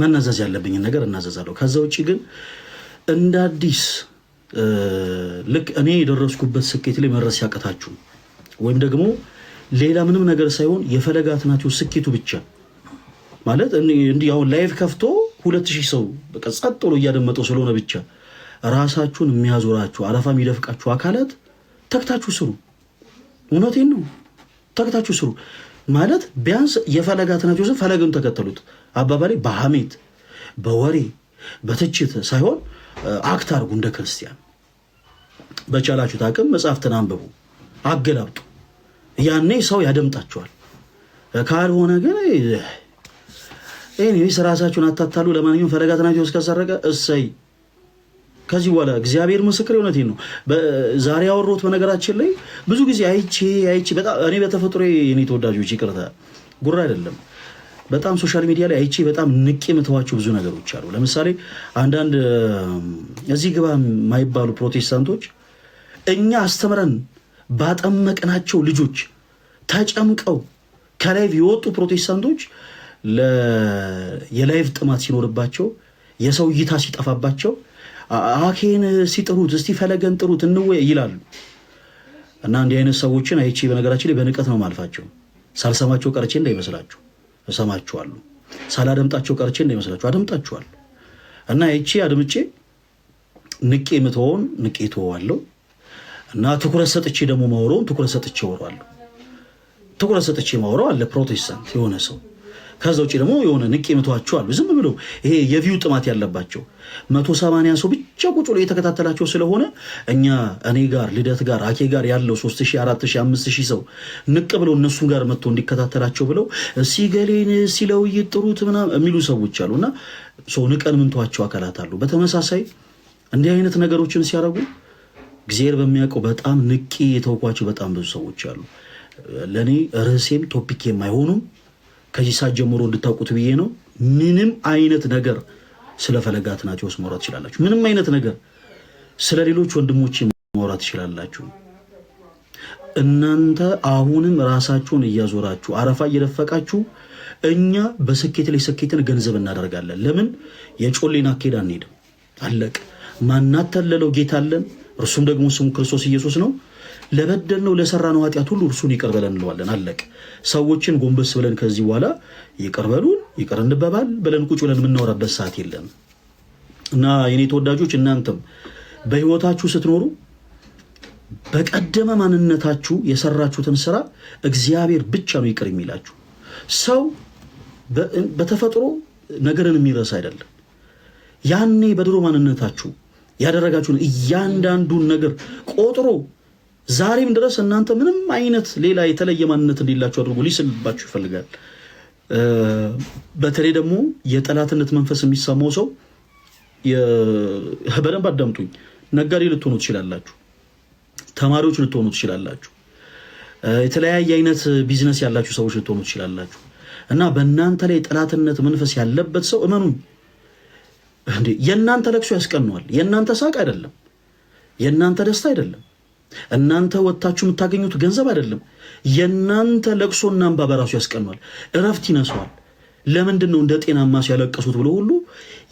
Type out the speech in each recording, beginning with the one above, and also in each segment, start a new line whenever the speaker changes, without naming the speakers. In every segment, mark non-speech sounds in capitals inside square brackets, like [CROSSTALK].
መናዘዝ ያለብኝን ነገር እናዘዛለሁ። ከዛ ውጭ ግን እንደ አዲስ ልክ እኔ የደረስኩበት ስኬት ላይ መድረስ ያቀታችሁ ወይም ደግሞ ሌላ ምንም ነገር ሳይሆን የፈለገ ስኬቱ ብቻ ማለት እንዲህ አሁን ላይቭ ከፍቶ ሁለት ሺህ ሰው በቃ ጸጥ ብሎ እያደመጠው ስለሆነ ብቻ ራሳችሁን የሚያዞራችሁ አረፋ የሚደፍቃችሁ አካላት ተክታችሁ ስሩ። እውነቴን ነው። ተክታችሁ ስሩ ማለት ቢያንስ የፈለገ አትናትዮስን ፈለግን ተከተሉት። አባባሌ በሐሜት በወሬ በትችት ሳይሆን አክት አርጉ። እንደ ክርስቲያን በቻላችሁት አቅም መጽሐፍትን አንብቡ፣ አገላብጡ። ያኔ ሰው ያደምጣችኋል። ካልሆነ ግን ኤኒዌይስ ራሳችሁን አታታሉ። ለማንኛውም ፈለጋትና ቴዎስ ከሰረቀ እሰይ። ከዚህ በኋላ እግዚአብሔር ምስክር እውነቴን ነው። ዛሬ ያወሩት በነገራችን ላይ ብዙ ጊዜ አይቼ አይቼ በጣም እኔ በተፈጥሮ እኔ ተወዳጆች ይቅርታ ጉራ አይደለም በጣም ሶሻል ሚዲያ ላይ አይቼ በጣም ንቅ የምተዋቸው ብዙ ነገሮች አሉ። ለምሳሌ አንዳንድ እዚህ ግባ የማይባሉ ፕሮቴስታንቶች እኛ አስተምረን ባጠመቅናቸው ልጆች ተጨምቀው ከላይቭ የወጡ ፕሮቴስታንቶች የላይቭ ጥማት ሲኖርባቸው የሰው እይታ ሲጠፋባቸው አኬን ሲጥሩት እስቲ ፈለገን ጥሩት እንወ ይላሉ። እና እንዲህ አይነት ሰዎችን አይቼ በነገራችን ላይ በንቀት ነው ማልፋቸው። ሳልሰማቸው ቀርቼ እንዳይመስላችሁ። እሰማችኋለሁ። ሳላደምጣቸው ቀርቼ እንዳይመስላችሁ አደምጣችኋለሁ። እና ይቺ አድምጬ ንቄ የምትሆን ንቄ ትሆዋለሁ እና ትኩረት ሰጥቼ ደግሞ ማውረውን ትኩረት ሰጥቼ ወረዋለሁ። ትኩረት ሰጥቼ ማውረው አለ ፕሮቴስታንት የሆነ ሰው ከዛ ውጭ ደግሞ የሆነ ንቄ የምትዋችሁ አሉ። ዝም ብሎ ይሄ የቪው ጥማት ያለባቸው መቶ ሰማንያ ሰው ብቻ ቁጭ ብሎ እየተከታተላቸው ስለሆነ እኛ እኔ ጋር ልደት ጋር አኬ ጋር ያለው ሶስት ሺህ አራት ሺህ አምስት ሺህ ሰው ንቅ ብለው እነሱ ጋር መጥቶ እንዲከታተላቸው ብለው ሲገሌን ሲለው ይጥሩት ምናምን የሚሉ ሰዎች አሉ እና ሰው ንቀን ምንተዋቸው አካላት አሉ። በተመሳሳይ እንዲህ አይነት ነገሮችን ሲያደርጉ እግዚአብሔር በሚያውቀው በጣም ንቄ የተውኳቸው በጣም ብዙ ሰዎች አሉ። ለእኔ ርዕሴም ቶፒክ የማይሆኑም ከዚህ ሰዓት ጀምሮ እንድታውቁት ብዬ ነው። ምንም አይነት ነገር ስለ ፈለገ አትናቴዎስ ማውራት ትችላላችሁ። ምንም አይነት ነገር ስለ ሌሎች ወንድሞች ማውራት ትችላላችሁ። እናንተ አሁንም ራሳችሁን እያዞራችሁ አረፋ እየደፈቃችሁ፣ እኛ በስኬት ላይ ስኬትን ገንዘብ እናደርጋለን። ለምን የጮሌን አካሄድ አንሄድም? አለቅ ማናተለለው ጌታ አለን። እርሱም ደግሞ ስሙ ክርስቶስ ኢየሱስ ነው። ለሰራ ነው ኃጢአት ሁሉ እርሱን ይቅር በለን እንለዋለን። አለቅ ሰዎችን ጎንበስ ብለን ከዚህ በኋላ ይቅር በሉን ይቅር እንበባል ብለን ቁጭ ብለን የምናወራበት ሰዓት የለም እና የኔ ተወዳጆች እናንተም በህይወታችሁ ስትኖሩ በቀደመ ማንነታችሁ የሰራችሁትን ስራ እግዚአብሔር ብቻ ነው ይቅር የሚላችሁ። ሰው በተፈጥሮ ነገርን የሚረሳ አይደለም። ያኔ በድሮ ማንነታችሁ ያደረጋችሁን እያንዳንዱን ነገር ቆጥሮ ዛሬም ድረስ እናንተ ምንም አይነት ሌላ የተለየ ማንነት እንዲላችሁ አድርጎ ሊስልባችሁ ይፈልጋል። በተለይ ደግሞ የጠላትነት መንፈስ የሚሰማው ሰው በደንብ አዳምጡኝ። ነጋዴ ልትሆኑ ትችላላችሁ፣ ተማሪዎች ልትሆኑ ትችላላችሁ፣ የተለያየ አይነት ቢዝነስ ያላችሁ ሰዎች ልትሆኑ ትችላላችሁ። እና በእናንተ ላይ ጠላትነት መንፈስ ያለበት ሰው እመኑኝ፣ እንዴ የእናንተ ለቅሶ ያስቀነዋል። የእናንተ ሳቅ አይደለም፣ የእናንተ ደስታ አይደለም እናንተ ወጥታችሁ የምታገኙት ገንዘብ አይደለም። የእናንተ ለቅሶና እንባ በራሱ ያስቀኗል፣ እረፍት ይነሰዋል። ለምንድን ነው እንደ ጤናማ ሰው ያለቀሱት ብሎ ሁሉ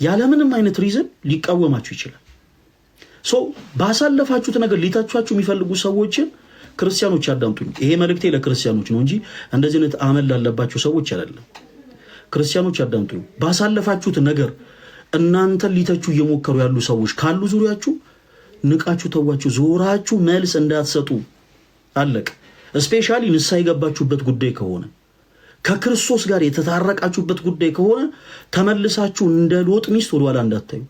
ያለምንም አይነት ሪዝን ሊቃወማችሁ ይችላል። ሰው ባሳለፋችሁት ነገር ሊተቿችሁ የሚፈልጉ ሰዎችን ክርስቲያኖች አዳምጡኝ። ይሄ መልእክቴ ለክርስቲያኖች ነው እንጂ እንደዚህ አይነት አመል ላለባቸው ሰዎች አይደለም። ክርስቲያኖች አዳምጡኝ። ባሳለፋችሁት ነገር እናንተን ሊተቹ እየሞከሩ ያሉ ሰዎች ካሉ ዙሪያችሁ ንቃችሁ ተዋችሁ፣ ዞራችሁ መልስ እንዳትሰጡ። አለቅ እስፔሻሊ ንስሐ የገባችሁበት ጉዳይ ከሆነ ከክርስቶስ ጋር የተታረቃችሁበት ጉዳይ ከሆነ ተመልሳችሁ እንደ ሎጥ ሚስት ወደኋላ እንዳታዩ፣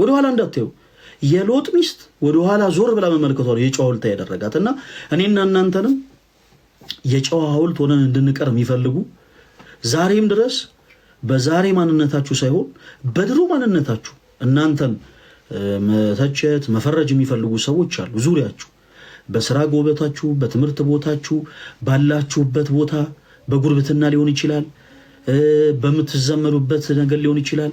ወደኋላ እንዳታዩ። የሎጥ ሚስት ወደኋላ ዞር ብላ መመልከቷ የጨዋ የጨው ሐውልት ያደረጋት እና እኔና እናንተንም የጨዋ ሐውልት ሆነን እንድንቀር የሚፈልጉ ዛሬም ድረስ በዛሬ ማንነታችሁ ሳይሆን በድሮ ማንነታችሁ እናንተን መተቸት፣ መፈረጅ የሚፈልጉ ሰዎች አሉ ዙሪያችሁ፣ በስራ ጎበታችሁ፣ በትምህርት ቦታችሁ፣ ባላችሁበት ቦታ በጉርብትና ሊሆን ይችላል፣ በምትዘመዱበት ነገር ሊሆን ይችላል።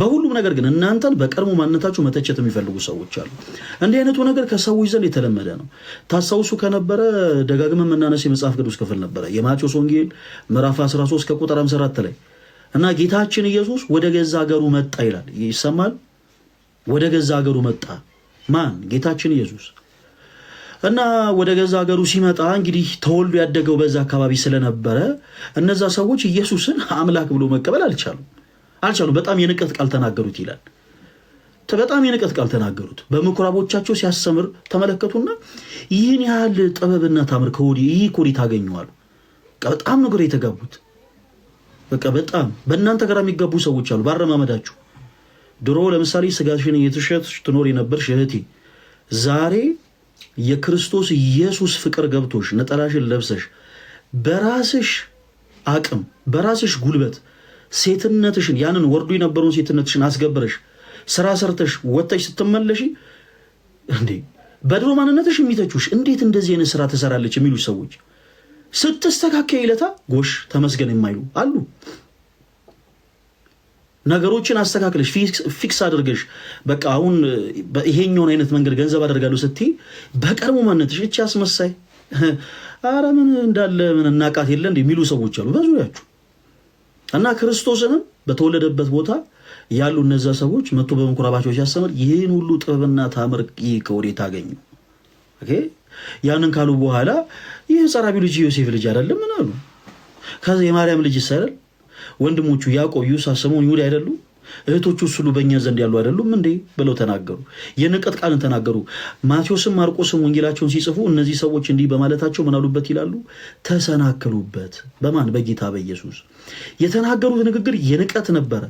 በሁሉም ነገር ግን እናንተን በቀድሞ ማንነታችሁ መተቸት የሚፈልጉ ሰዎች አሉ። እንዲህ አይነቱ ነገር ከሰዎች ዘንድ የተለመደ ነው። ታስታውሱ ከነበረ ደጋግመን መናነስ የመጽሐፍ ቅዱስ ክፍል ነበረ የማቴዎስ ወንጌል ምዕራፍ 13 ከቁጥር 54 ላይ እና ጌታችን ኢየሱስ ወደ ገዛ ሀገሩ መጣ ይላል። ይሰማል ወደ ገዛ ሀገሩ መጣ። ማን? ጌታችን ኢየሱስ እና ወደ ገዛ ሀገሩ ሲመጣ እንግዲህ ተወልዶ ያደገው በዛ አካባቢ ስለነበረ እነዛ ሰዎች ኢየሱስን አምላክ ብሎ መቀበል አልቻሉም አልቻሉም። በጣም የንቀት ቃል ተናገሩት ይላል። በጣም የንቀት ቃል ተናገሩት። በምኩራቦቻቸው ሲያስተምር ተመለከቱና ይህን ያህል ጥበብና ታምር ከወዲህ ይህ ኮዲ ታገኘዋሉ። በጣም ነገር የተጋቡት በቃ በጣም በእናንተ ጋር የሚጋቡ ሰዎች አሉ ባረማመዳችሁ ድሮ ለምሳሌ ስጋሽን እየተሸጥሽ ትኖር የነበርሽ እህቴ ዛሬ የክርስቶስ ኢየሱስ ፍቅር ገብቶሽ ነጠላሽን ለብሰሽ በራስሽ አቅም በራስሽ ጉልበት ሴትነትሽን ያንን ወርዶ የነበረውን ሴትነትሽን አስገበረሽ ስራ ሰርተሽ ወጥተሽ ስትመለሽ እንዴ በድሮ ማንነትሽ የሚተቹሽ እንዴት እንደዚህ አይነት ስራ ትሰራለች የሚሉ ሰዎች ስትስተካከይ ይለታ ጎሽ ተመስገን የማይሉ አሉ። ነገሮችን አስተካክለሽ ፊክስ አድርገሽ በቃ አሁን ይሄኛውን አይነት መንገድ ገንዘብ አደርጋለሁ ስትይ በቀድሞ ማነትሽ እቺ አስመሳይ አረ ምን እንዳለ ምን እናቃት የለ እንደ የሚሉ ሰዎች አሉ በዙሪያችሁ እና ክርስቶስንም በተወለደበት ቦታ ያሉ እነዛ ሰዎች መቶ በምኩራባቸው ሲያስተምር ይህን ሁሉ ጥበብና ታምር ከወዴት አገኙ? ያንን ካሉ በኋላ ይህ ጸራቢ ልጅ ዮሴፍ ልጅ አይደለም ምን አሉ? ከዚ የማርያም ልጅ ይሳይደል ወንድሞቹ ያዕቆብ፣ ዩሳ፣ ስምዖን፣ ይሁዳ አይደሉ? እህቶቹ ሁሉ በእኛ ዘንድ ያሉ አይደሉም እንዴ ብለው ተናገሩ። የንቀት ቃልን ተናገሩ። ማቴዎስም ማርቆስም ወንጌላቸውን ሲጽፉ እነዚህ ሰዎች እንዲህ በማለታቸው ምናሉበት ይላሉ? ተሰናክሉበት። በማን በጌታ በኢየሱስ የተናገሩት ንግግር የንቀት ነበረ።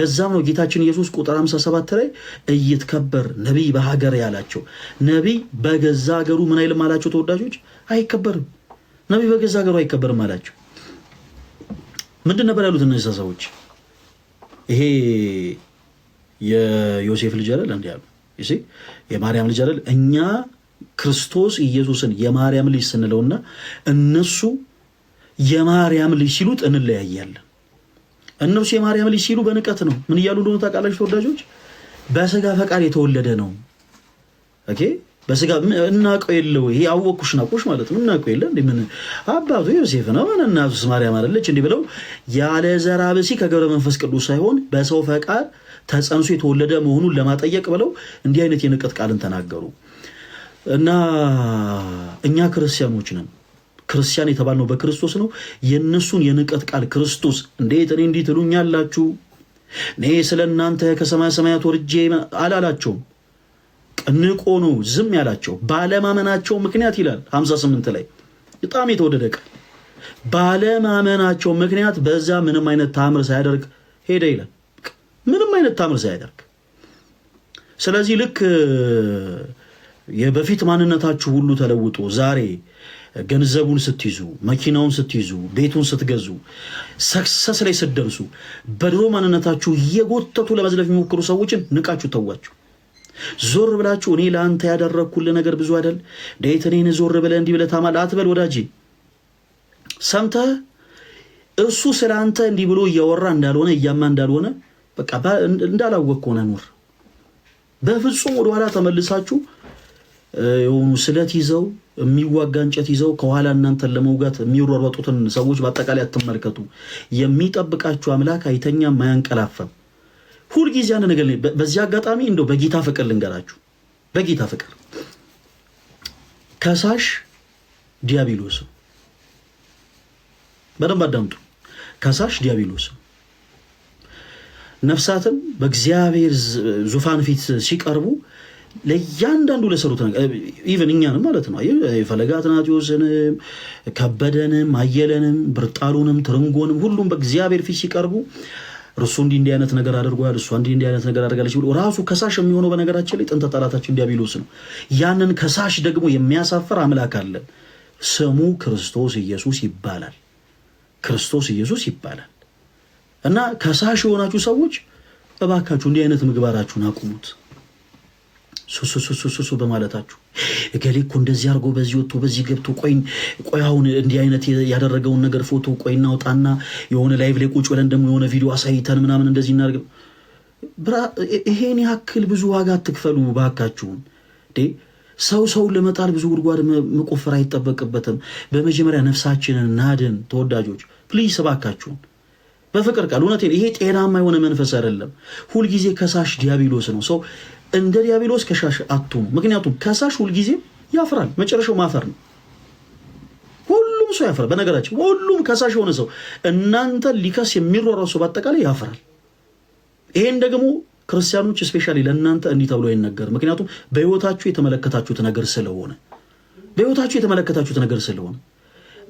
ለዛም ነው ጌታችን ኢየሱስ ቁጥር 57 ላይ እይትከበር ነቢይ በሀገር ያላቸው ነቢይ በገዛ ሀገሩ ምን አይልም አላቸው። ተወዳጆች አይከበርም። ነቢይ በገዛ ሀገሩ አይከበርም አላቸው። ምንድን ነበር ያሉት እነዚህ ሰዎች? ይሄ የዮሴፍ ልጅ አይደል እንዲ ያሉ የማርያም ልጅ አይደል? እኛ ክርስቶስ ኢየሱስን የማርያም ልጅ ስንለውና እነሱ የማርያም ልጅ ሲሉት እንለያያለን። እነሱ የማርያም ልጅ ሲሉ በንቀት ነው። ምን እያሉ እንደሆነ ታውቃላችሁ ተወዳጆች? በስጋ ፈቃድ የተወለደ ነው ኦኬ በስጋ እናቀው የለ ወይ? አወቅኩሽ ናቁሽ ማለት ነው። እናቀው የለ እንዴ? ምን አባቱ ዮሴፍ ነው ምን እናቱስ ማርያም አይደለች? እንዲህ ብለው ያለ ዘራ ብእሲ ከገብረ መንፈስ ቅዱስ ሳይሆን በሰው ፈቃድ ተጸንሶ የተወለደ መሆኑን ለማጠየቅ ብለው እንዲህ አይነት የንቀት ቃልን ተናገሩ እና እኛ ክርስቲያኖች ነን ክርስቲያን የተባልነው በክርስቶስ ነው። የእነሱን የንቀት ቃል ክርስቶስ እንዴት እኔ እንዲህ ትሉኛላችሁ? እኔ ስለ እናንተ ከሰማይ ሰማያት ወርጄ አላላቸውም። ንቆኑ ዝም ያላቸው ባለማመናቸው ምክንያት ይላል 58 ላይ በጣም የተወደደ ቃል ባለማመናቸው ምክንያት በዛ ምንም አይነት ታምር ሳያደርግ ሄደ ይላል። ምንም አይነት ታምር ሳያደርግ። ስለዚህ ልክ የበፊት ማንነታችሁ ሁሉ ተለውጦ ዛሬ ገንዘቡን ስትይዙ፣ መኪናውን ስትይዙ፣ ቤቱን ስትገዙ፣ ሰክሰስ ላይ ስትደርሱ በድሮ ማንነታችሁ እየጎተቱ ለመዝለፍ የሚሞክሩ ሰዎችን ንቃችሁ ተዋችሁ ዞር ብላችሁ እኔ ለአንተ ያደረግኩል ነገር ብዙ አይደል? ዴት እኔን ዞር ብለ እንዲህ ብለ ታማል አትበል ወዳጄ። ሰምተ እሱ ስለ አንተ እንዲህ ብሎ እያወራ እንዳልሆነ እያማ እንዳልሆነ በቃ እንዳላወቅ ሆነ ኑር። በፍጹም ወደኋላ ተመልሳችሁ የሆኑ ስለት ይዘው የሚዋጋ እንጨት ይዘው ከኋላ እናንተን ለመውጋት የሚሯሯጡትን ሰዎች በአጠቃላይ አትመልከቱ። የሚጠብቃችሁ አምላክ አይተኛም፣ አያንቀላፋም። ሁልጊዜ ያን ነገር ላይ በዚህ አጋጣሚ እንደው በጌታ ፍቅር ልንገራችሁ፣ በጌታ ፍቅር ከሳሽ ዲያብሎስ፣ በደንብ አዳምጡ። ከሳሽ ዲያብሎስ ነፍሳትን በእግዚአብሔር ዙፋን ፊት ሲቀርቡ ለእያንዳንዱ ለሰሩት ኢቨን እኛንም ማለት ነው ፈለገ አትናቴዎስንም ከበደንም አየለንም ብርጣሉንም ትርንጎንም ሁሉም በእግዚአብሔር ፊት ሲቀርቡ እርሱ እንዲህ እንዲህ አይነት ነገር አድርጓል፣ እሷ እንዲህ እንዲህ አይነት ነገር አድርጋለች ብሎ ራሱ ከሳሽ የሚሆነው በነገራችን ላይ ጥንተ ጠላታችን ዲያብሎስ ነው። ያንን ከሳሽ ደግሞ የሚያሳፍር አምላክ አለ። ስሙ ክርስቶስ ኢየሱስ ይባላል። ክርስቶስ ኢየሱስ ይባላል። እና ከሳሽ የሆናችሁ ሰዎች እባካችሁ እንዲህ አይነት ምግባራችሁን አቁሙት። ሱሱሱሱሱ በማለታችሁ እገሌ እኮ እንደዚህ አድርጎ በዚህ ወጥቶ በዚህ ገብቶ ቆይን ቆይ አሁን እንዲህ አይነት ያደረገውን ነገር ፎቶ ቆይ እናውጣና የሆነ ላይቭ ላይ ቁጭ ብለን ደግሞ የሆነ ቪዲዮ አሳይተን ምናምን እንደዚህ እናደርግ ብራ። ይሄን ያክል ብዙ ዋጋ አትክፈሉ ባካችሁን። ሰው ሰውን ለመጣል ብዙ ጉድጓድ መቆፈር አይጠበቅበትም። በመጀመሪያ ነፍሳችንን እናድን ተወዳጆች ፕሊስ ባካችሁን በፍቅር ቃል እውነቴን፣ ይሄ ጤናማ የሆነ መንፈስ አይደለም። ሁልጊዜ ከሳሽ ዲያብሎስ ነው ሰው እንደ ዲያብሎስ ከሻሽ አትሁኑ። ምክንያቱም ከሳሽ ሁልጊዜ ያፍራል፣ መጨረሻው ማፈር ነው። ሁሉም ሰው ያፍራል። በነገራችን ሁሉም ከሳሽ የሆነ ሰው እናንተ ሊከስ የሚሯሯ ሰው በአጠቃላይ ያፍራል። ይሄን ደግሞ ክርስቲያኖች ስፔሻሊ ለእናንተ እንዲህ ተብሎ ይነገር። ምክንያቱም በህይወታችሁ የተመለከታችሁት ነገር ስለሆነ በህይወታችሁ የተመለከታችሁት ነገር ስለሆነ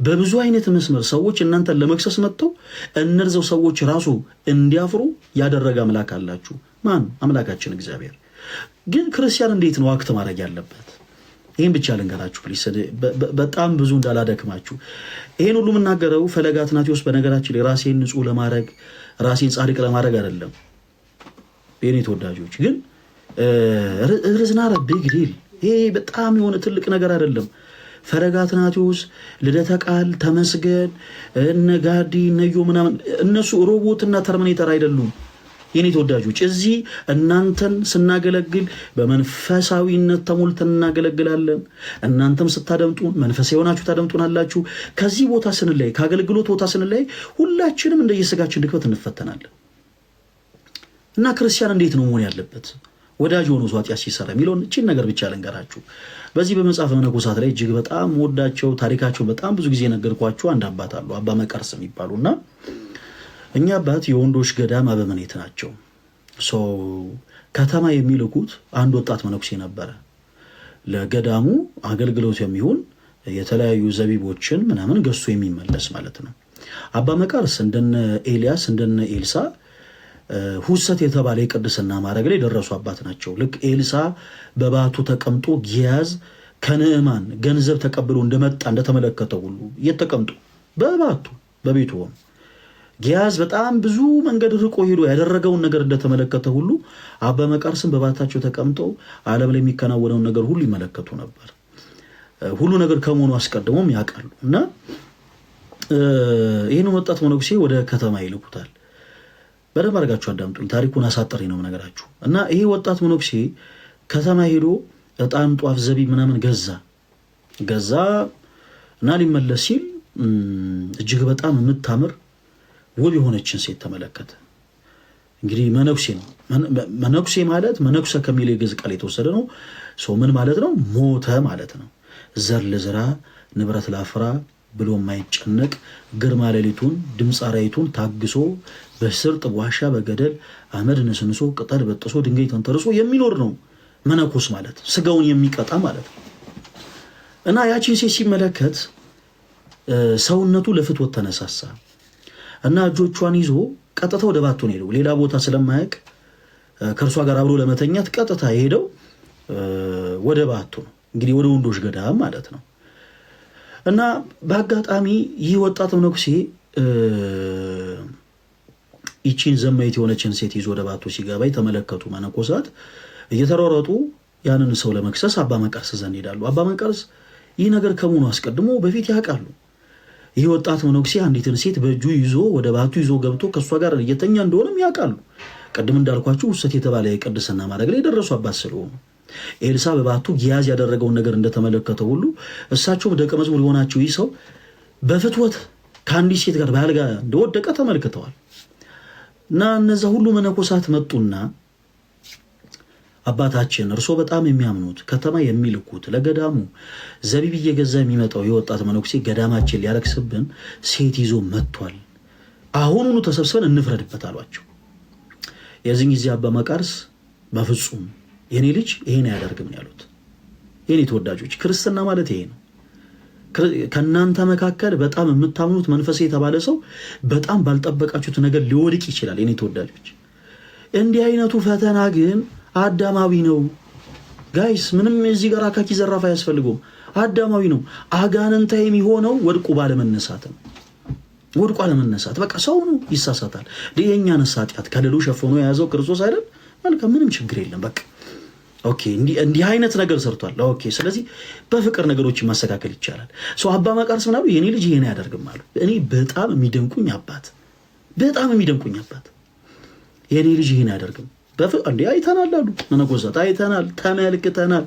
በብዙ አይነት መስመር ሰዎች እናንተን ለመክሰስ መጥተው እነርዘው ሰዎች ራሱ እንዲያፍሩ ያደረገ አምላክ አላችሁ። ማን? አምላካችን እግዚአብሔር ግን ክርስቲያን እንዴት ነው አክት ማድረግ ያለበት? ይህን ብቻ ልንገራችሁ ፕሊስ፣ በጣም ብዙ እንዳላደክማችሁ። ይህን ሁሉ የምናገረው ፈለገ አትናቴዎስ በነገራችን ላይ ራሴን ንጹሕ ለማድረግ ራሴን ጻድቅ ለማድረግ አይደለም። የኔ ተወዳጆች ግን ርዝናረ ቢግ ዲል ይሄ በጣም የሆነ ትልቅ ነገር አይደለም። ፈለገ አትናቴዎስ፣ ልደተ ቃል፣ ተመስገን፣ እነ ጋዲ፣ እነዮ ምናምን እነሱ ሮቦትና ተርሚኔተር አይደሉም። የኔ ተወዳጆች እዚህ እናንተን ስናገለግል በመንፈሳዊነት ተሞልተን እናገለግላለን። እናንተም ስታደምጡ መንፈስ የሆናችሁ ታደምጡናላችሁ። ከዚህ ቦታ ስንለይ፣ ከአገልግሎት ቦታ ስንለይ ሁላችንም እንደየስጋችን ድክመት እንፈተናለን እና ክርስቲያን እንዴት ነው መሆን ያለበት ወዳጅ ሆኖ ሰው ሲሰራ የሚለውን እችን ነገር ብቻ ልንገራችሁ። በዚህ በመጽሐፈ መነኮሳት ላይ እጅግ በጣም ወዳቸው ታሪካቸው በጣም ብዙ ጊዜ የነገርኳቸው አንድ አባት አሉ አባ መቀርስ እና እኛ አባት የወንዶች ገዳም አበመኔት ናቸው። ከተማ የሚልኩት አንድ ወጣት መነኩሴ ነበረ። ለገዳሙ አገልግሎት የሚሆን የተለያዩ ዘቢቦችን ምናምን ገሱ የሚመለስ ማለት ነው። አባ መቃርስ እንደነ ኤልያስ እንደነ ኤልሳ ሁሰት የተባለ የቅድስና ማድረግ ላይ የደረሱ አባት ናቸው። ልክ ኤልሳ በባቱ ተቀምጦ ጊያዝ ከንዕማን ገንዘብ ተቀብሎ እንደመጣ እንደተመለከተው ሁሉ እየተቀምጡ በባቱ በቤቱ ሆኑ ጊያዝ በጣም ብዙ መንገድ ርቆ ሄዶ ያደረገውን ነገር እንደተመለከተ ሁሉ አበበ መቃርስም በባታቸው ተቀምጠው ዓለም ላይ የሚከናወነውን ነገር ሁሉ ይመለከቱ ነበር። ሁሉ ነገር ከመሆኑ አስቀድሞም ያውቃሉ እና ይህን ወጣት መነኩሴ ወደ ከተማ ይልኩታል። በደንብ አድርጋችሁ አዳምጡኝ። ታሪኩን አሳጠሪ ነው ነገራችሁ እና ይሄ ወጣት መነኩሴ ከተማ ሄዶ እጣን፣ ጧፍ፣ ዘቢ ምናምን ገዛ ገዛ እና ሊመለስ ሲል እጅግ በጣም የምታምር ውብ የሆነችን ሴት ተመለከተ። እንግዲህ መነኩሴ ነው። መነኩሴ ማለት መነኩሰ ከሚል የግዕዝ ቃል የተወሰደ ነው። ሰው ምን ማለት ነው? ሞተ ማለት ነው። ዘር ልዝራ ንብረት ላፍራ ብሎ የማይጨነቅ ግርማ ሌሊቱን ድምፅ አራዊቱን ታግሶ በስርጥ በዋሻ በገደል አመድ ንስንሶ ቅጠል በጥሶ ድንጋይ ተንተርሶ የሚኖር ነው መነኮስ ማለት ስጋውን የሚቀጣ ማለት ነው። እና ያቺን ሴት ሲመለከት ሰውነቱ ለፍትወት ተነሳሳ። እና እጆቿን ይዞ ቀጥታ ወደ ባቶን ሄደው ሌላ ቦታ ስለማያውቅ ከእርሷ ጋር አብሮ ለመተኛት ቀጥታ የሄደው ወደ ባቶ ነው። እንግዲህ ወደ ወንዶች ገዳም ማለት ነው። እና በአጋጣሚ ይህ ወጣት መነኩሴ ይቺን ዘማዊት የሆነችን ሴት ይዞ ወደ ባቶ ሲገባ የተመለከቱ መነኮሳት እየተሯረጡ ያንን ሰው ለመክሰስ አባ መቀርስ ዘንድ ሄዳሉ። አባ መቀርስ ይህ ነገር ከመሆኑ አስቀድሞ በፊት ያውቃሉ። ይህ ወጣት መነኩሴ አንዲትን ሴት በእጁ ይዞ ወደ ባቱ ይዞ ገብቶ ከእሷ ጋር እየተኛ እንደሆነም ያውቃሉ። ቅድም እንዳልኳቸው ውሰት የተባለ የቅድስና ማድረግ ላይ የደረሱ አባት ስለሆኑ ኤልሳ በባቱ ጊያዝ ያደረገውን ነገር እንደተመለከተው ሁሉ እሳቸውም ደቀ መዝሙር የሆናቸው ይህ ሰው በፍትወት ከአንዲት ሴት ጋር ባልጋ እንደወደቀ ተመልክተዋል እና እነዛ ሁሉ መነኮሳት መጡና አባታችን እርሶ በጣም የሚያምኑት ከተማ የሚልኩት ለገዳሙ ዘቢብ እየገዛ የሚመጣው የወጣት መነኩሴ ገዳማችን ሊያለቅስብን ሴት ይዞ መጥቷል። አሁኑኑ ተሰብስበን እንፍረድበት አሏቸው። የዚህን ጊዜ አባ መቃርስ በፍጹም የኔ ልጅ ይሄን አያደርግም ያሉት። የኔ ተወዳጆች ክርስትና ማለት ይሄ ነው። ከእናንተ መካከል በጣም የምታምኑት መንፈሴ የተባለ ሰው በጣም ባልጠበቃችሁት ነገር ሊወድቅ ይችላል። የኔ ተወዳጆች እንዲህ አይነቱ ፈተና ግን አዳማዊ ነው። ጋይስ ምንም እዚህ ጋር አካኪ ዘራፍ አያስፈልገውም። አዳማዊ ነው። አጋንንታ የሚሆነው ወድቁ ባለመነሳት ነው። ወድቆ አለመነሳት በቃ ሰው ነው፣ ይሳሳታል። የእኛን ኃጢአት ከልሉ ሸፍኖ የያዘው ክርስቶስ አይደል? መልካ ምንም ችግር የለም በቃ ኦኬ እንዲህ አይነት ነገር ሰርቷል። ኦኬ ስለዚህ በፍቅር ነገሮች ማስተካከል ይቻላል። ሰው አባ መቃርስ ምናሉ የኔ ልጅ ይሄን ያደርግም አሉ። እኔ በጣም የሚደንቁኝ አባት፣ በጣም የሚደንቁኝ አባት የኔ ልጅ ይሄን ያደርግም እንዲ አይተናል አሉ መነኮሳት፣ አይተናል ተመልክተናል።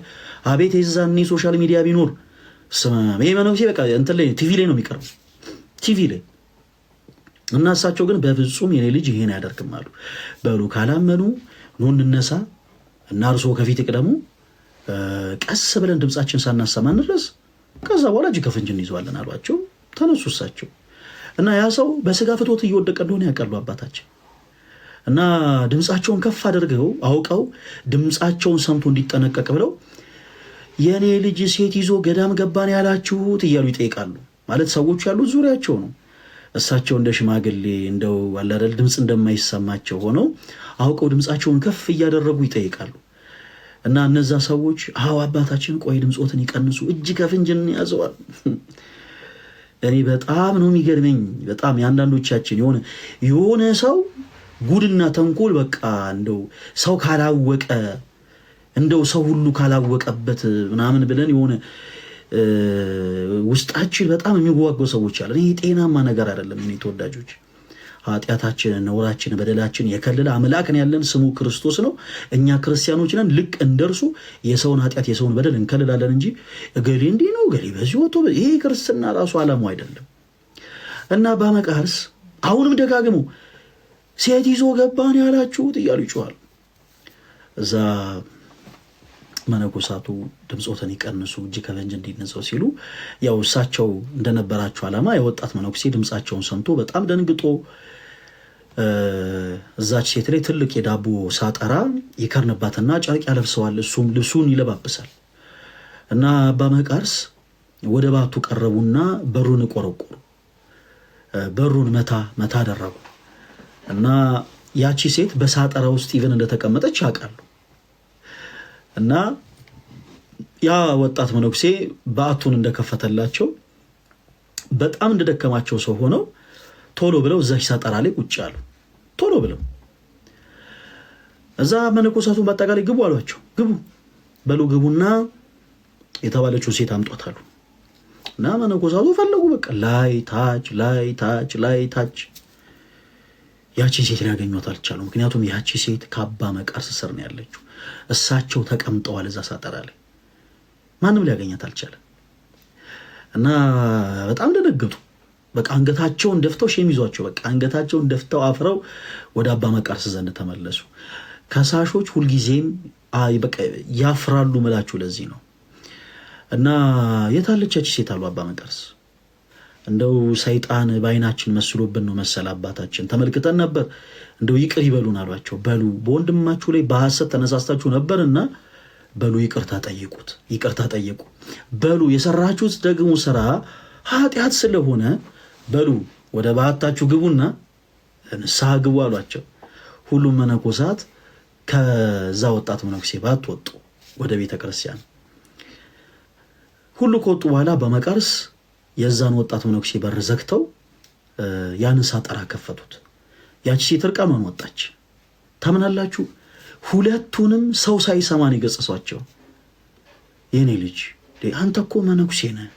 አቤት የዛኔ ሶሻል ሚዲያ ቢኖር ስማሜ መነኩሴ በቃ እንትን ላይ ቲቪ ላይ ነው የሚቀርበው ቲቪ ላይ እና እሳቸው ግን በፍጹም የኔ ልጅ ይሄን አያደርግም አሉ። በሉ ካላመኑ ኑ እንነሳ እና እርስዎ ከፊት ቅደሙ፣ ቀስ ብለን ድምፃችን ሳናሰማ እንድረስ፣ ከዛ በኋላ እጅ ከፍንጅ እንይዘዋለን አሏቸው። ተነሱ እሳቸው እና ያ ሰው በስጋ ፍቶት እየወደቀ እንደሆነ ያውቃሉ አባታችን እና ድምፃቸውን ከፍ አድርገው አውቀው ድምፃቸውን ሰምቶ እንዲጠነቀቅ ብለው የእኔ ልጅ ሴት ይዞ ገዳም ገባን ያላችሁት እያሉ ይጠይቃሉ። ማለት ሰዎቹ ያሉት ዙሪያቸው ነው። እሳቸው እንደ ሽማግሌ እንደው አላደል ድምፅ እንደማይሰማቸው ሆነው አውቀው ድምፃቸውን ከፍ እያደረጉ ይጠይቃሉ። እና እነዛ ሰዎች አዎ አባታችን፣ ቆይ ድምፆትን ይቀንሱ፣ እጅ ከፍንጅን ያዘዋል። እኔ በጣም ነው የሚገርመኝ። በጣም የአንዳንዶቻችን የሆነ የሆነ ሰው ጉድና ተንኮል በቃ እንደው ሰው ካላወቀ እንደው ሰው ሁሉ ካላወቀበት ምናምን ብለን የሆነ ውስጣችን በጣም የሚዋጎ ሰዎች አለን። ይህ ጤናማ ነገር አይደለም። እኔ ተወዳጆች ኃጢአታችንን፣ ነውራችን፣ በደላችን የከለለ አምላክን ያለን ስሙ ክርስቶስ ነው። እኛ ክርስቲያኖች ነን። ልክ እንደርሱ የሰውን ኃጢአት የሰውን በደል እንከልላለን እንጂ እገሌ እንዲህ ነው እገሌ በዚህ ወቶ ይሄ ክርስትና ራሱ ዓላማው አይደለም እና በመቃርስ አሁንም ደጋግሞ ሴት ይዞ ገባን ያላችሁት እያሉ ይጮኋል። እዛ መነኮሳቱ ድምፆትን ይቀንሱ እጅ ከፈንጅ እንዲነጻው ሲሉ ያው እሳቸው እንደነበራቸው ዓላማ የወጣት መነኩሴ ድምፃቸውን ሰምቶ በጣም ደንግጦ እዛች ሴት ላይ ትልቅ የዳቦ ሳጠራ ይከርንባትና ጨርቅ ያለብሰዋል። እሱም ልብሱን ይለባብሳል እና አባ መቃርስ ወደ ባቱ ቀረቡና በሩን ቆረቆሩ። በሩን መታ መታ አደረጉ። እና ያቺ ሴት በሳጠራ ውስጥ ኢቨን እንደተቀመጠች ያውቃሉ። እና ያ ወጣት መነኩሴ በአቱን እንደከፈተላቸው በጣም እንደደከማቸው ሰው ሆነው ቶሎ ብለው እዛች ሳጠራ ላይ ቁጭ አሉ። ቶሎ ብለው እዛ መነኮሳቱን በአጠቃላይ ግቡ አሏቸው። ግቡ በሉ ግቡና የተባለችው ሴት አምጧታሉ። እና መነኮሳቱ ፈለጉ። በቃ ላይ ታች፣ ላይ ታች፣ ላይ ታች ያቺ ሴት ሊያገኟት አልቻሉ። ምክንያቱም ያቺ ሴት ከአባ መቃርስ ስር ነው ያለችው። እሳቸው ተቀምጠዋል እዛ ሳጠራ ላይ ማንም ሊያገኛት አልቻለ እና በጣም ደነገጡ። በቃ አንገታቸውን ደፍተው ሼም ይዟቸው በቃ አንገታቸውን ደፍተው አፍረው ወደ አባ መቃርስ ዘንድ ተመለሱ። ከሳሾች ሁልጊዜም ያፍራሉ ምላችሁ ለዚህ ነው እና የታለቻች ሴት አሉ አባ መቃርስ እንደው ሰይጣን በአይናችን መስሎብን ነው መሰል አባታችን ተመልክተን ነበር፣ እንደው ይቅር ይበሉን አሏቸው። በሉ በወንድማችሁ ላይ በሐሰት ተነሳስታችሁ ነበርና በሉ ይቅርታ ጠይቁት፣ ይቅርታ ጠይቁ። በሉ የሰራችሁት ደግሞ ስራ ኃጢአት ስለሆነ በሉ ወደ ባህታችሁ ግቡና ንስሐ ግቡ አሏቸው። ሁሉም መነኮሳት ከዛ ወጣት መነኩሴ ባት ወጡ ወደ ቤተ ክርስቲያን። ሁሉ ከወጡ በኋላ በመቀርስ የዛን ወጣት መነኩሴ በር ዘግተው ያን ሳጠራ ከፈቱት። ያቺ ሴት እርቃኗን ወጣች። ታምናላችሁ? ሁለቱንም ሰው ሳይሰማን የገሰሷቸው። የኔ ልጅ አንተ እኮ መነኩሴ ነህ።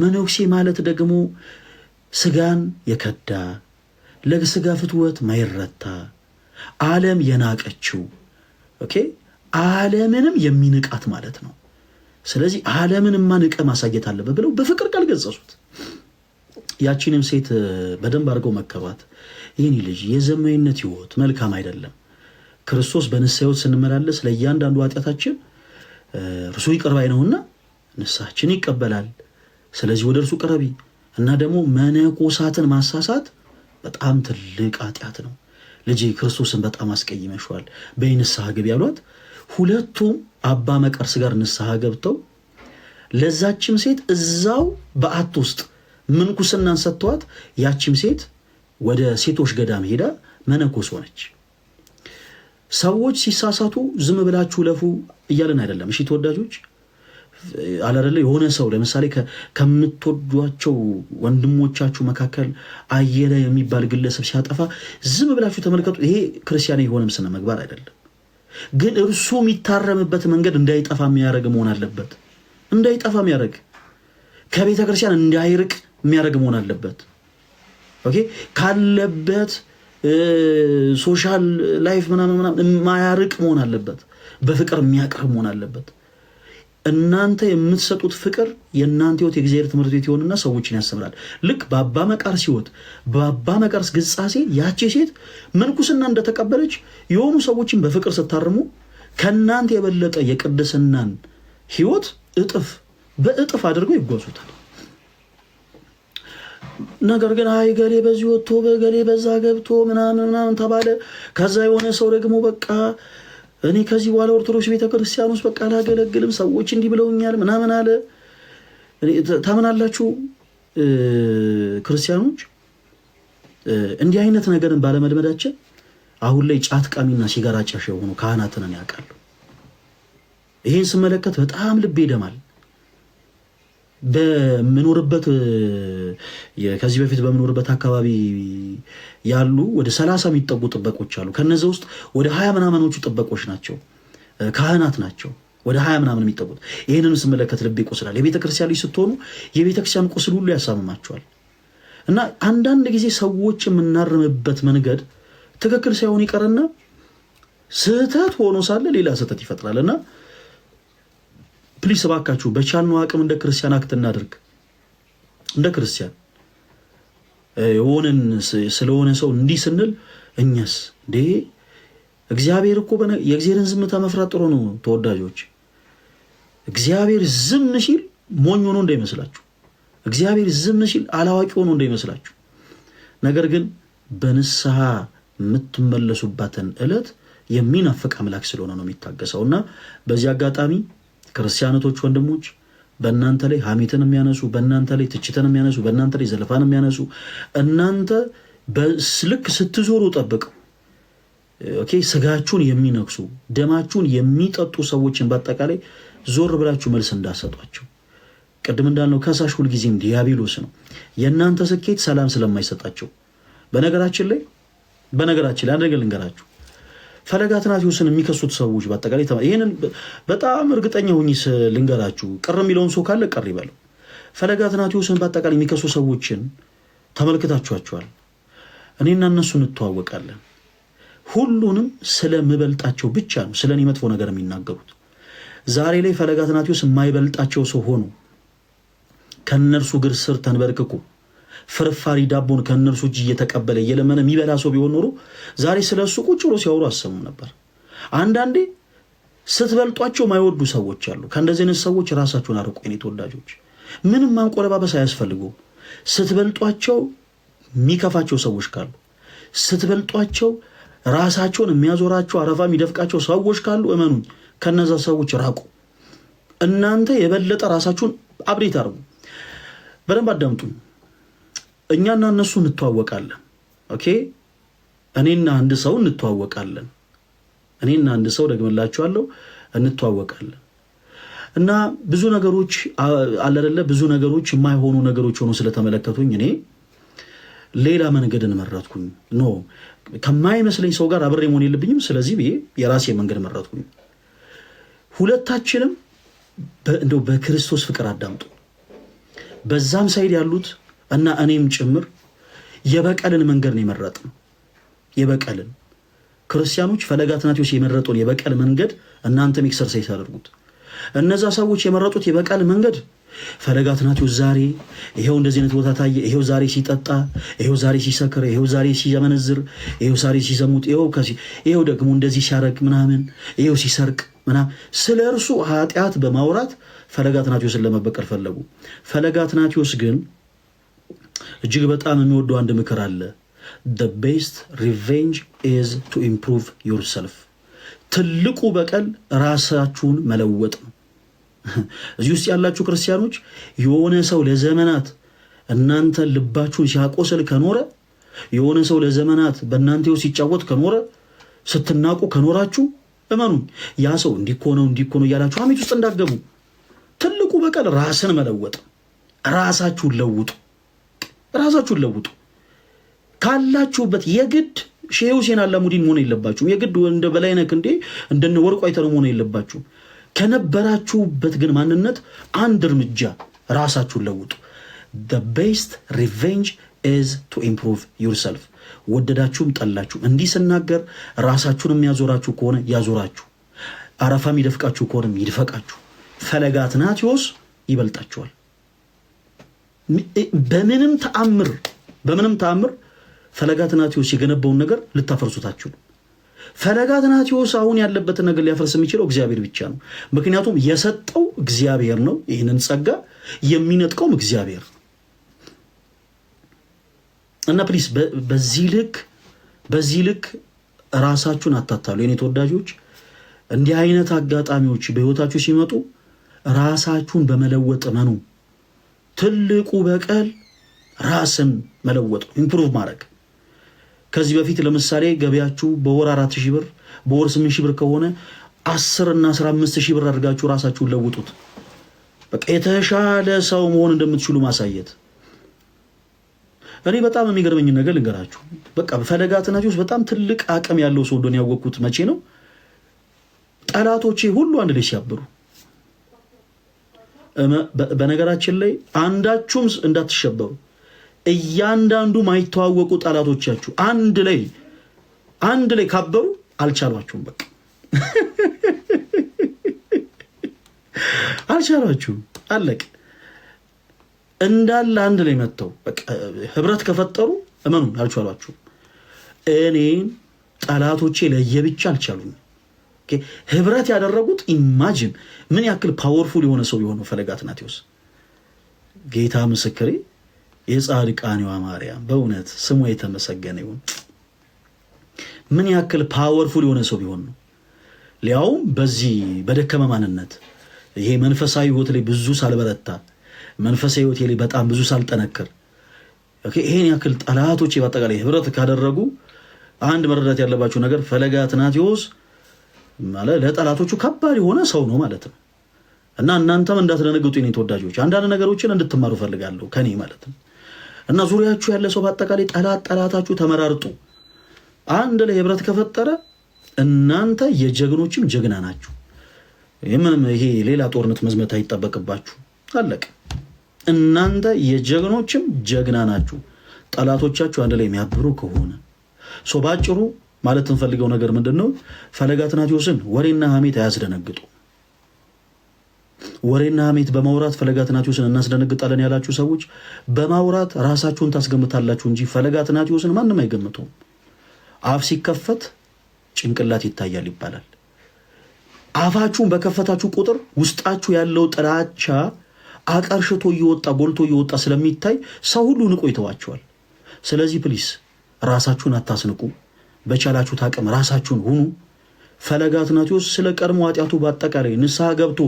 መነኩሴ ማለት ደግሞ ስጋን የከዳ ለስጋ ፍትወት ማይረታ ዓለም የናቀችው ኦኬ ዓለምንም የሚንቃት ማለት ነው። ስለዚህ አለምን ማነቀ ማሳየት አለበ ብለው በፍቅር ቃል ገጸሱት። ያቺንም ሴት በደንብ አድርገው መከሯት። ይህን ልጅ የዘመኝነት ህይወት መልካም አይደለም። ክርስቶስ በንስሐ ህይወት ስንመላለስ ለእያንዳንዱ ኃጢአታችን እርሱ ይቅርባይ ነውና ንስሐችን ይቀበላል። ስለዚህ ወደ እርሱ ቅረቢ እና ደግሞ መነኮሳትን ማሳሳት በጣም ትልቅ ኃጢአት ነው። ልጅ ክርስቶስን በጣም አስቀይመሸዋል፣ በይ ንስሐ ግቢ ያሏት ሁለቱም አባ መቀርስ ጋር ንስሐ ገብተው ለዛችም ሴት እዛው በአት ውስጥ ምንኩስናን ሰጥተዋት ያችም ሴት ወደ ሴቶች ገዳም ሄዳ መነኮስ ሆነች። ሰዎች ሲሳሳቱ ዝም ብላችሁ ለፉ እያለን አይደለም። እሺ ተወዳጆች አላደለ የሆነ ሰው ለምሳሌ ከምትወዷቸው ወንድሞቻችሁ መካከል አየለ የሚባል ግለሰብ ሲያጠፋ ዝም ብላችሁ ተመልከቱ። ይሄ ክርስቲያን የሆነም ስነ ምግባር አይደለም። ግን እርሱ የሚታረምበት መንገድ እንዳይጠፋ የሚያደርግ መሆን አለበት። እንዳይጠፋ የሚያደርግ ከቤተ ክርስቲያን እንዳይርቅ የሚያደርግ መሆን አለበት። ኦኬ ካለበት ሶሻል ላይፍ ምናምን ምናምን የማያርቅ መሆን አለበት። በፍቅር የሚያቀርብ መሆን አለበት። እናንተ የምትሰጡት ፍቅር የእናንተ ህይወት የእግዚአብሔር ትምህርት ቤት ይሆንና ሰዎችን ያስተምራል። ልክ በአባ መቃርስ ህይወት በአባ መቃርስ ግጻሴ ያቼ ሴት ምንኩስና እንደተቀበለች የሆኑ ሰዎችን በፍቅር ስታርሙ ከእናንተ የበለጠ የቅድስናን ህይወት እጥፍ በእጥፍ አድርገው ይጓዙታል። ነገር ግን አይ ገሌ በዚህ ወጥቶ በገሌ በዛ ገብቶ ምናምን ምናምን ተባለ። ከዛ የሆነ ሰው ደግሞ በቃ እኔ ከዚህ በኋላ ኦርቶዶክስ ቤተክርስቲያን ውስጥ በቃ አላገለግልም፣ ሰዎች እንዲህ ብለውኛል ምናምን አለ። ታምናላችሁ ክርስቲያኖች? እንዲህ አይነት ነገርን ባለመልመዳችን አሁን ላይ ጫት ቃሚና ሲጋራ ጫሽ የሆኑ ካህናትን ያውቃሉ። ይህን ስመለከት በጣም ልቤ ይደማል። በምኖርበት ከዚህ በፊት በምኖርበት አካባቢ ያሉ ወደ ሰላሳ የሚጠጉ ጥበቆች አሉ። ከነዚ ውስጥ ወደ ሀያ ምናምኖቹ ጥበቆች ናቸው፣ ካህናት ናቸው። ወደ ሀያ ምናምን የሚጠጉት ይህንን ስመለከት ልብ ይቆስላል። የቤተ ክርስቲያን ልጅ ስትሆኑ የቤተ ክርስቲያን ቁስል ሁሉ ያሳምማቸዋል። እና አንዳንድ ጊዜ ሰዎች የምናርምበት መንገድ ትክክል ሳይሆን ይቀርና ስህተት ሆኖ ሳለ ሌላ ስህተት ይፈጥራል እና ፕሊስ እባካችሁ በቻኑ አቅም እንደ ክርስቲያን አክት እናደርግ። እንደ ክርስቲያን የሆነን ስለሆነ ሰው እንዲህ ስንል እኛስ እንዴ እግዚአብሔር እኮ የእግዚአብሔርን ዝምታ መፍራት ጥሩ ነው ተወዳጆች። እግዚአብሔር ዝም ሲል ሞኝ ሆኖ እንዳይመስላችሁ፣ እግዚአብሔር ዝም ሲል አላዋቂ ሆኖ እንዳይመስላችሁ። ነገር ግን በንስሐ የምትመለሱባትን ዕለት የሚናፍቅ አምላክ ስለሆነ ነው የሚታገሰውና በዚህ አጋጣሚ ክርስቲያኖቶች ወንድሞች በእናንተ ላይ ሐሜትን የሚያነሱ በእናንተ ላይ ትችትን የሚያነሱ በእናንተ ላይ ዘለፋን የሚያነሱ እናንተ በስልክ ስትዞሩ ጠብቀው ኦኬ ስጋችሁን የሚነክሱ ደማችሁን የሚጠጡ ሰዎችን በአጠቃላይ ዞር ብላችሁ መልስ እንዳሰጧቸው። ቅድም እንዳልነው ከሳሽ ሁልጊዜም ዲያብሎስ ነው። የእናንተ ስኬት ሰላም ስለማይሰጣቸው በነገራችን ላይ በነገራችን ላይ አንድ ነገር ልንገራችሁ ፈለገ አትናትዮስን የሚከሱት ሰዎች በአጠቃላይ ይህንን በጣም እርግጠኛ ሁኝ ልንገራችሁ። ቅር የሚለውን ሰው ካለ ቅር ይበለው። ፈለገ አትናትዮስን በአጠቃላይ የሚከሱ ሰዎችን ተመልክታችኋቸዋል። እኔና እነሱ እንተዋወቃለን። ሁሉንም ስለምበልጣቸው ብቻ ነው ስለ እኔ መጥፎ ነገር የሚናገሩት። ዛሬ ላይ ፈለገ አትናትዮስ የማይበልጣቸው ሰው ሆኖ ከእነርሱ እግር ስር ተንበርክኩ ፍርፋሪ ዳቦን ከእነርሱ እጅ እየተቀበለ እየለመነ የሚበላ ሰው ቢሆን ኖሮ ዛሬ ስለ እሱ ቁጭ ብሎ ሲያወሩ አሰሙ ነበር። አንዳንዴ ስትበልጧቸው ማይወዱ ሰዎች አሉ። ከእንደዚህ አይነት ሰዎች ራሳችሁን አርቁ የኔ ተወዳጆች። ምንም ማንቆለባበስ አያስፈልጉ። ስትበልጧቸው የሚከፋቸው ሰዎች ካሉ፣ ስትበልጧቸው ራሳቸውን የሚያዞራቸው አረፋ የሚደፍቃቸው ሰዎች ካሉ እመኑኝ ከነዛ ሰዎች ራቁ። እናንተ የበለጠ ራሳችሁን አብዴት አርጉ። በደንብ አዳምጡ። እኛና እነሱ እንተዋወቃለን። ኦኬ እኔና አንድ ሰው እንተዋወቃለን። እኔና አንድ ሰው ደግመላችኋለሁ፣ እንተዋወቃለን እና ብዙ ነገሮች አለደለ ብዙ ነገሮች የማይሆኑ ነገሮች ሆኖ ስለተመለከቱኝ እኔ ሌላ መንገድን መረጥኩኝ። ኖ ከማይመስለኝ ሰው ጋር አብሬ መሆን የለብኝም። ስለዚህ ብዬ የራሴ መንገድ መረጥኩኝ። ሁለታችንም እንደው በክርስቶስ ፍቅር አዳምጡ። በዛም ሳይድ ያሉት እና እኔም ጭምር የበቀልን መንገድ ነው የመረጥነው። የበቀልን ክርስቲያኖች ፈለገ አትናቴዎስ የመረጡን የበቀል መንገድ እናንተም ኤክሰርሳይዝ አድርጉት። እነዛ ሰዎች የመረጡት የበቀል መንገድ ፈለገ አትናቴዎስ ዛሬ ይሄው እንደዚህ አይነት ቦታ ታየ፣ ይሄው ዛሬ ሲጠጣ፣ ይሄው ዛሬ ሲሰክር፣ ይሄው ዛሬ ሲዘመነዝር፣ ይሄው ዛሬ ሲዘሙት፣ ይሄው ደግሞ እንደዚህ ሲያረግ ምናምን፣ ይሄው ሲሰርቅ ምናምን ስለ እርሱ ኃጢአት በማውራት ፈለገ አትናቴዎስን ለመበቀል ፈለጉ። ፈለገ አትናቴዎስ ግን እጅግ በጣም የሚወደው አንድ ምክር አለ። the best revenge is to improve yourself ትልቁ በቀል ራሳችሁን መለወጥ ነው። [LAUGHS] እዚህ ውስጥ ያላችሁ ክርስቲያኖች የሆነ ሰው ለዘመናት እናንተ ልባችሁን ሲያቆስል ከኖረ የሆነ ሰው ለዘመናት በእናንተ ሲጫወት ከኖረ ስትናቁ ከኖራችሁ እመኑ ያ ሰው እንዲኮነው እንዲኮነው እያላችሁ አሜት ውስጥ እንዳትገቡ። ትልቁ በቀል ራስን መለወጥ። ራሳችሁን ለውጡ። ራሳችሁን ለውጡ። ካላችሁበት የግድ ሼህ ሁሴን አላሙዲን መሆን የለባችሁም። የግድ እንደ በላይነህ ክንዴ እንደነ ወርቁ አይተነው መሆን የለባችሁም። ከነበራችሁበት ግን ማንነት አንድ እርምጃ ራሳችሁን ለውጡ። ቤስት ሪቬንጅ ኢዝ ቱ ኢምፕሩቭ ዩርሰልፍ። ወደዳችሁም ጠላችሁ፣ እንዲህ ስናገር ራሳችሁንም ያዞራችሁ ከሆነ ያዞራችሁ፣ አረፋ ይደፍቃችሁ ከሆነም ይድፈቃችሁ። ፈለገ አትናቴዎስ ይበልጣችኋል። በምንም ተአምር በምንም ተአምር ፈለጋ ትናቴዎስ የገነባውን ነገር ልታፈርሱታችሁ ነው። ፈለጋ ትናቴዎስ አሁን ያለበትን ነገር ሊያፈርስ የሚችለው እግዚአብሔር ብቻ ነው። ምክንያቱም የሰጠው እግዚአብሔር ነው። ይህንን ጸጋ የሚነጥቀውም እግዚአብሔር ነው እና ፕሊስ በዚህ ልክ በዚህ ልክ ራሳችሁን አታታሉ። የኔ ተወዳጆች እንዲህ አይነት አጋጣሚዎች በህይወታችሁ ሲመጡ ራሳችሁን በመለወጥ መኑ። ትልቁ በቀል ራስን መለወጥ ኢምፕሩቭ ማድረግ። ከዚህ በፊት ለምሳሌ ገበያችሁ በወር አራት ሺህ ብር በወር ስምንት ሺህ ብር ከሆነ አስር እና አስራ አምስት ሺህ ብር አድርጋችሁ ራሳችሁን ለውጡት። በቃ የተሻለ ሰው መሆን እንደምትችሉ ማሳየት። እኔ በጣም የሚገርመኝ ነገር ልንገራችሁ። በቃ ፈለገ ውስጥ በጣም ትልቅ አቅም ያለው ሰው እንደሆነ ያወቅኩት መቼ ነው? ጠላቶቼ ሁሉ አንድ ላይ ሲያብሩ በነገራችን ላይ አንዳችሁም እንዳትሸበሩ እያንዳንዱ ማይተዋወቁ ጠላቶቻችሁ አንድ ላይ አንድ ላይ ካበሩ አልቻሏችሁም። በቃ [LAUGHS] አልቻሏችሁም። አለቅ እንዳለ አንድ ላይ መጥተው ህብረት ከፈጠሩ እመኑን አልቻሏችሁም። እኔ ጠላቶቼ ለየብቻ አልቻሉም። ህብረት ያደረጉት ኢማጅን ምን ያክል ፓወርፉል የሆነ ሰው የሆነው ፈለገ አትናቴዎስ ጌታ ምስክሬ የጻድቃኔዋ ማርያም በእውነት ስሙ የተመሰገነ ይሁን። ምን ያክል ፓወርፉል የሆነ ሰው ቢሆን ነው ሊያውም በዚህ በደከመ ማንነት ይሄ መንፈሳዊ ህይወት ላይ ብዙ ሳልበረታ መንፈሳዊ ህይወት ላይ በጣም ብዙ ሳልጠነክር ይሄን ያክል ጠላቶች በአጠቃላይ ህብረት ካደረጉ አንድ መረዳት ያለባቸው ነገር ፈለገ አትናቴዎስ ለጠላቶቹ ከባድ የሆነ ሰው ነው ማለት ነው። እና እናንተም እንዳትደነግጡ የኔ ተወዳጆች፣ አንዳንድ ነገሮችን እንድትማሩ ፈልጋለሁ ከኔ ማለት ነው። እና ዙሪያችሁ ያለ ሰው በአጠቃላይ ጠላት ጠላታችሁ ተመራርጡ። አንድ ላይ ህብረት ከፈጠረ እናንተ የጀግኖችም ጀግና ናችሁ። ምንም ይሄ ሌላ ጦርነት መዝመት አይጠበቅባችሁ። አለቅ እናንተ የጀግኖችም ጀግና ናችሁ። ጠላቶቻችሁ አንድ ላይ የሚያብሩ ከሆነ ሶ ባጭሩ ማለት እንፈልገው ነገር ምንድን ነው? ፈለገ አትናቴዎስን ወሬና ሐሜት አያስደነግጡ። ወሬና ሐሜት በማውራት ፈለገ አትናቴዎስን እናስደነግጣለን ያላችሁ ሰዎች በማውራት ራሳችሁን ታስገምታላችሁ እንጂ ፈለገ አትናቴዎስን ማንም አይገምተውም። አፍ ሲከፈት ጭንቅላት ይታያል ይባላል። አፋችሁን በከፈታችሁ ቁጥር ውስጣችሁ ያለው ጥላቻ አቀርሽቶ እየወጣ ጎልቶ እየወጣ ስለሚታይ ሰው ሁሉ ንቆ ይተዋቸዋል። ስለዚህ ፕሊስ ራሳችሁን አታስንቁ። በቻላችሁት አቅም ራሳችሁን ሁኑ። ፈለገ አትናትዮስ ስለ ቀድሞ ኃጢአቱ በአጠቃላይ ንስሐ ገብቶ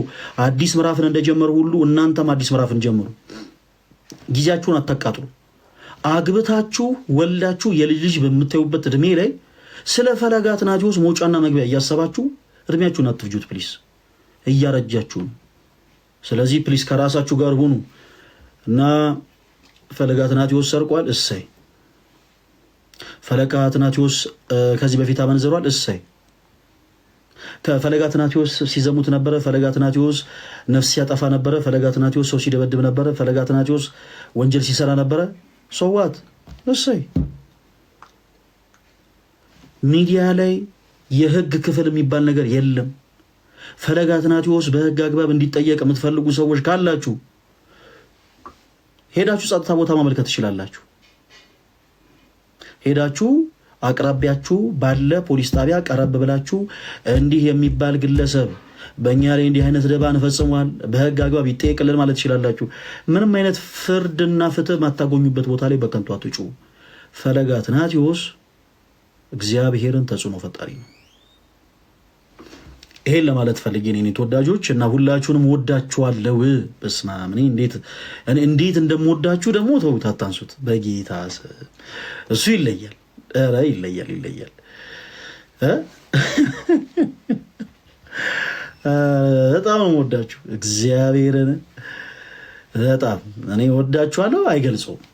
አዲስ ምዕራፍን እንደጀመረ ሁሉ እናንተም አዲስ ምዕራፍን ጀምሩ። ጊዜያችሁን አታቃጥሉ። አግብታችሁ ወልዳችሁ የልጅ ልጅ በምታዩበት እድሜ ላይ ስለ ፈለገ አትናትዮስ መውጫና መግቢያ እያሰባችሁ እድሜያችሁን አትፍጁት። ፕሊስ እያረጃችሁ ነው። ስለዚህ ፕሊስ ከራሳችሁ ጋር ሁኑ እና ፈለገ አትናትዮስ ሰርቋል እሰይ ፈለቀ አትናቴዎስ ከዚህ በፊት አመንዝሯል። እሰይ ከፈለገ አትናቴዎስ ሲዘሙት ነበረ። ፈለገ አትናቴዎስ ነፍስ ሲያጠፋ ነበረ። ፈለገ አትናቴዎስ ሰው ሲደበድብ ነበረ። ፈለገ አትናቴዎስ ወንጀል ሲሰራ ነበረ። ሰዋት እሰይ ሚዲያ ላይ የህግ ክፍል የሚባል ነገር የለም። ፈለገ አትናቴዎስ በህግ አግባብ እንዲጠየቅ የምትፈልጉ ሰዎች ካላችሁ ሄዳችሁ ጸጥታ ቦታ ማመልከት ትችላላችሁ። ሄዳችሁ አቅራቢያችሁ ባለ ፖሊስ ጣቢያ ቀረብ ብላችሁ እንዲህ የሚባል ግለሰብ በእኛ ላይ እንዲህ አይነት ደባን ፈጽሟል፣ በህግ አግባብ ይጠየቅልን ማለት ትችላላችሁ። ምንም አይነት ፍርድና ፍትህ ማታጎኙበት ቦታ ላይ በከንቱ አትጩ። ፈለገ አትናትዮስ እግዚአብሔርን ተጽዕኖ ፈጣሪ ነው። ይሄን ለማለት ፈልጌ እኔ ተወዳጆች እና ሁላችሁንም ወዳችኋለው። በስመ አብ እኔ እንዴት እንደምወዳችሁ ደግሞ ተውት፣ አታንሱት። በጌታ እሱ ይለያል፣ ኧረ ይለያል፣ ይለያል። በጣም ወዳችሁ እግዚአብሔርን በጣም እኔ ወዳችኋለሁ፣ አይገልጸውም